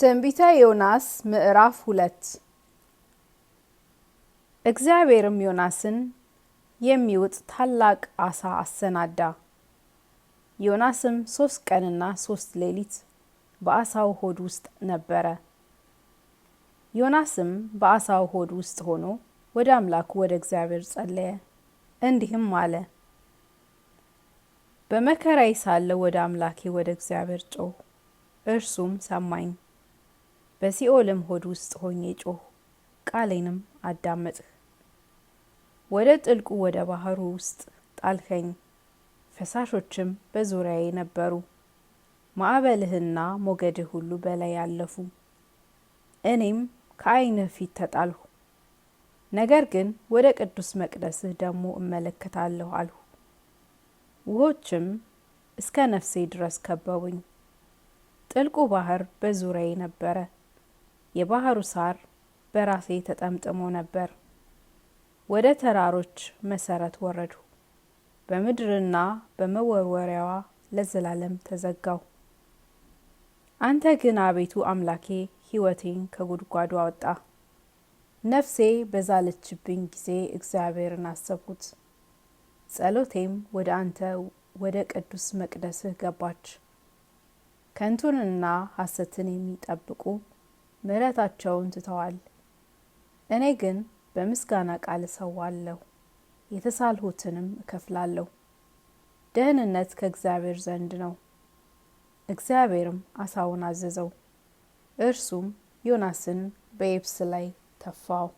ትንቢተ ዮናስ ምዕራፍ ሁለት እግዚአብሔርም ዮናስን የሚውጥ ታላቅ አሳ አሰናዳ። ዮናስም ሶስት ቀንና ሶስት ሌሊት በአሳው ሆድ ውስጥ ነበረ። ዮናስም በአሳው ሆድ ውስጥ ሆኖ ወደ አምላኩ ወደ እግዚአብሔር ጸለየ፣ እንዲህም አለ፦ በመከራዬ ሳለሁ ወደ አምላኬ ወደ እግዚአብሔር ጮህ፣ እርሱም ሰማኝ። በሲኦልም ሆድ ውስጥ ሆኜ ጮህ፣ ቃሌንም አዳመጥህ። ወደ ጥልቁ ወደ ባህሩ ውስጥ ጣልከኝ፣ ፈሳሾችም በዙሪያዬ ነበሩ። ማዕበልህና ሞገድህ ሁሉ በላይ አለፉ። እኔም ከዓይንህ ፊት ተጣልሁ። ነገር ግን ወደ ቅዱስ መቅደስህ ደግሞ እመለከታለሁ አልሁ። ውሆችም እስከ ነፍሴ ድረስ ከበቡኝ። ጥልቁ ባህር በዙሪያዬ ነበረ። የባህሩ ሳር በራሴ ተጠምጥሞ ነበር። ወደ ተራሮች መሰረት ወረዱ፣ በምድርና በመወርወሪያዋ ለዘላለም ተዘጋው። አንተ ግን አቤቱ አምላኬ ሕይወቴን ከጉድጓዱ አወጣ። ነፍሴ በዛለችብኝ ጊዜ እግዚአብሔርን አሰብኩት። ጸሎቴም ወደ አንተ ወደ ቅዱስ መቅደስህ ገባች። ከንቱንና ሐሰትን የሚጠብቁ ምሕረታቸውን ትተዋል። እኔ ግን በምስጋና ቃል እሰዋለሁ፣ የተሳልሁትንም እከፍላለሁ። ደህንነት ከእግዚአብሔር ዘንድ ነው። እግዚአብሔርም አሳውን አዘዘው፣ እርሱም ዮናስን በየብስ ላይ ተፋው።